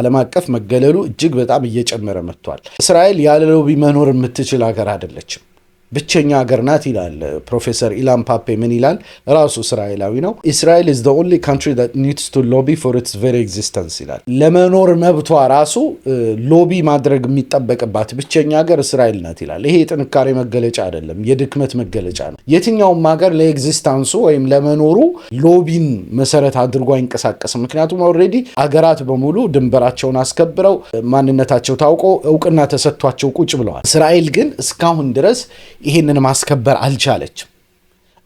ዓለም አቀፍ መገለሉ እጅግ በጣም እየጨመረ መጥቷል። እስራኤል ያለ ሎቢ መኖር የምትችል ሀገር አይደለችም። ብቸኛ ሀገር ናት ይላል ፕሮፌሰር ኢላን ፓፔ። ምን ይላል? ራሱ እስራኤላዊ ነው። ኢስራኤል ኢዝ ዘ ኦንሊ ካንትሪ ዛት ኒድስ ቱ ሎቢ ፎር ኢትስ ቨሪ ኤግዚስተንስ ይላል። ለመኖር መብቷ ራሱ ሎቢ ማድረግ የሚጠበቅባት ብቸኛ ሀገር እስራኤል ናት ይላል። ይሄ የጥንካሬ መገለጫ አይደለም፣ የድክመት መገለጫ ነው። የትኛውም ሀገር ለኤግዚስታንሱ ወይም ለመኖሩ ሎቢን መሰረት አድርጎ አይንቀሳቀስም። ምክንያቱም ኦልሬዲ አገራት በሙሉ ድንበራቸውን አስከብረው ማንነታቸው ታውቆ እውቅና ተሰጥቷቸው ቁጭ ብለዋል። እስራኤል ግን እስካሁን ድረስ ይሄንን ማስከበር አልቻለችም።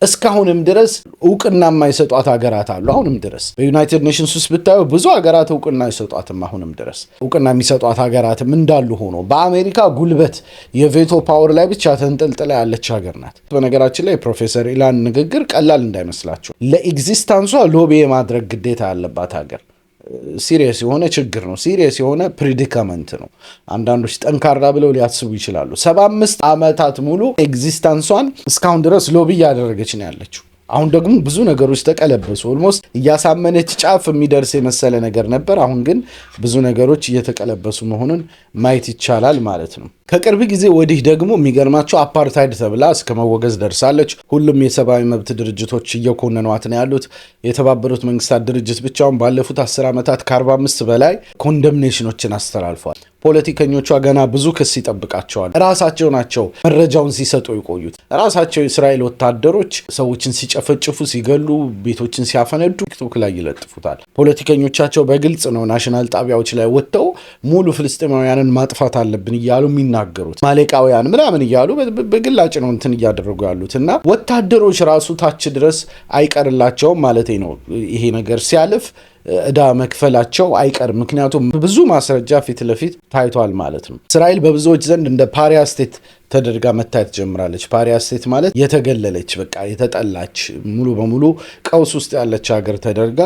እስካሁንም ድረስ እውቅና የማይሰጧት ሀገራት አሉ። አሁንም ድረስ በዩናይትድ ኔሽንስ ውስጥ ብታዩ ብዙ ሀገራት እውቅና አይሰጧትም። አሁንም ድረስ እውቅና የሚሰጧት ሀገራትም እንዳሉ ሆኖ በአሜሪካ ጉልበት የቬቶ ፓወር ላይ ብቻ ተንጠልጥላ ያለች ሀገር ናት። በነገራችን ላይ የፕሮፌሰር ኢላን ንግግር ቀላል እንዳይመስላቸው ለኤግዚስታንሷ ሎቢ የማድረግ ግዴታ ያለባት ሀገር ሲሪየስ የሆነ ችግር ነው። ሲሪየስ የሆነ ፕሪዲካመንት ነው። አንዳንዶች ጠንካራ ብለው ሊያስቡ ይችላሉ። ሰባ አምስት ዓመታት ሙሉ ኤግዚስተንሷን እስካሁን ድረስ ሎቢ እያደረገች ነው ያለችው። አሁን ደግሞ ብዙ ነገሮች ተቀለበሱ። ኦልሞስት እያሳመነች ጫፍ የሚደርስ የመሰለ ነገር ነበር። አሁን ግን ብዙ ነገሮች እየተቀለበሱ መሆኑን ማየት ይቻላል ማለት ነው። ከቅርብ ጊዜ ወዲህ ደግሞ የሚገርማቸው አፓርታይድ ተብላ እስከ መወገዝ ደርሳለች። ሁሉም የሰብአዊ መብት ድርጅቶች እየኮነኗት ነው ያሉት። የተባበሩት መንግስታት ድርጅት ብቻውን ባለፉት አስር ዓመታት ከ45 በላይ ኮንደምኔሽኖችን አስተላልፏል። ፖለቲከኞቿ ገና ብዙ ክስ ይጠብቃቸዋል። ራሳቸው ናቸው መረጃውን ሲሰጡ የቆዩት። ራሳቸው የእስራኤል ወታደሮች ሰዎችን ሲጨፈጭፉ፣ ሲገሉ፣ ቤቶችን ሲያፈነዱ ቲክቶክ ላይ ይለጥፉታል። ፖለቲከኞቻቸው በግልጽ ነው ናሽናል ጣቢያዎች ላይ ወጥተው ሙሉ ፍልስጤማውያንን ማጥፋት አለብን እያሉ ሚና የሚናገሩት ማሌቃውያን ምናምን እያሉ በግላጭ ነው እንትን እያደረጉ ያሉት እና ወታደሮች ራሱ ታች ድረስ አይቀርላቸውም ማለት ነው ይሄ ነገር ሲያልፍ እዳ መክፈላቸው አይቀርም። ምክንያቱም ብዙ ማስረጃ ፊት ለፊት ታይቷል ማለት ነው። እስራኤል በብዙዎች ዘንድ እንደ ፓሪያ ስቴት ተደርጋ መታየት ጀምራለች። ፓሪያ ስቴት ማለት የተገለለች፣ በቃ የተጠላች፣ ሙሉ በሙሉ ቀውስ ውስጥ ያለች ሀገር ተደርጋ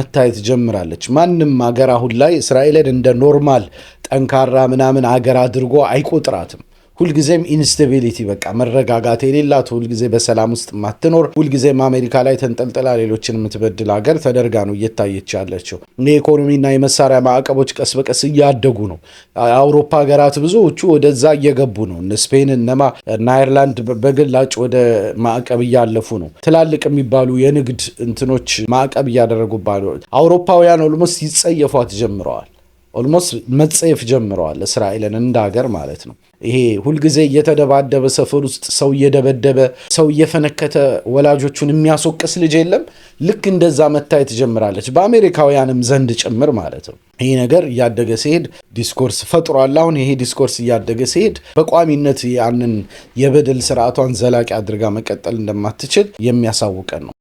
መታየት ጀምራለች። ማንም ሀገር አሁን ላይ እስራኤልን እንደ ኖርማል ጠንካራ ምናምን ሀገር አድርጎ አይቆጥራትም። ሁልጊዜም ኢንስታቢሊቲ በቃ መረጋጋት የሌላት ሁልጊዜ በሰላም ውስጥ ማትኖር ሁልጊዜም አሜሪካ ላይ ተንጠልጥላ ሌሎችን የምትበድል ሀገር ተደርጋ ነው እየታየች ያለችው። የኢኮኖሚና የመሳሪያ ማዕቀቦች ቀስ በቀስ እያደጉ ነው። አውሮፓ ሀገራት ብዙዎቹ ወደዛ እየገቡ ነው። እነ ስፔን፣ እነማ እና አይርላንድ በግላጭ ወደ ማዕቀብ እያለፉ ነው። ትላልቅ የሚባሉ የንግድ እንትኖች ማዕቀብ እያደረጉባሉ። አውሮፓውያን ኦልሞስት ይጸየፏት ጀምረዋል። ኦልሞስት መጸየፍ ጀምረዋል እስራኤልን እንደ ሀገር ማለት ነው። ይሄ ሁልጊዜ እየተደባደበ ሰፈር ውስጥ ሰው እየደበደበ ሰው እየፈነከተ ወላጆቹን የሚያስወቅስ ልጅ የለም። ልክ እንደዛ መታየት ጀምራለች በአሜሪካውያንም ዘንድ ጭምር ማለት ነው። ይሄ ነገር እያደገ ሲሄድ ዲስኮርስ ፈጥሯል። አሁን ይሄ ዲስኮርስ እያደገ ሲሄድ በቋሚነት ያንን የበደል ስርዓቷን ዘላቂ አድርጋ መቀጠል እንደማትችል የሚያሳውቀን ነው።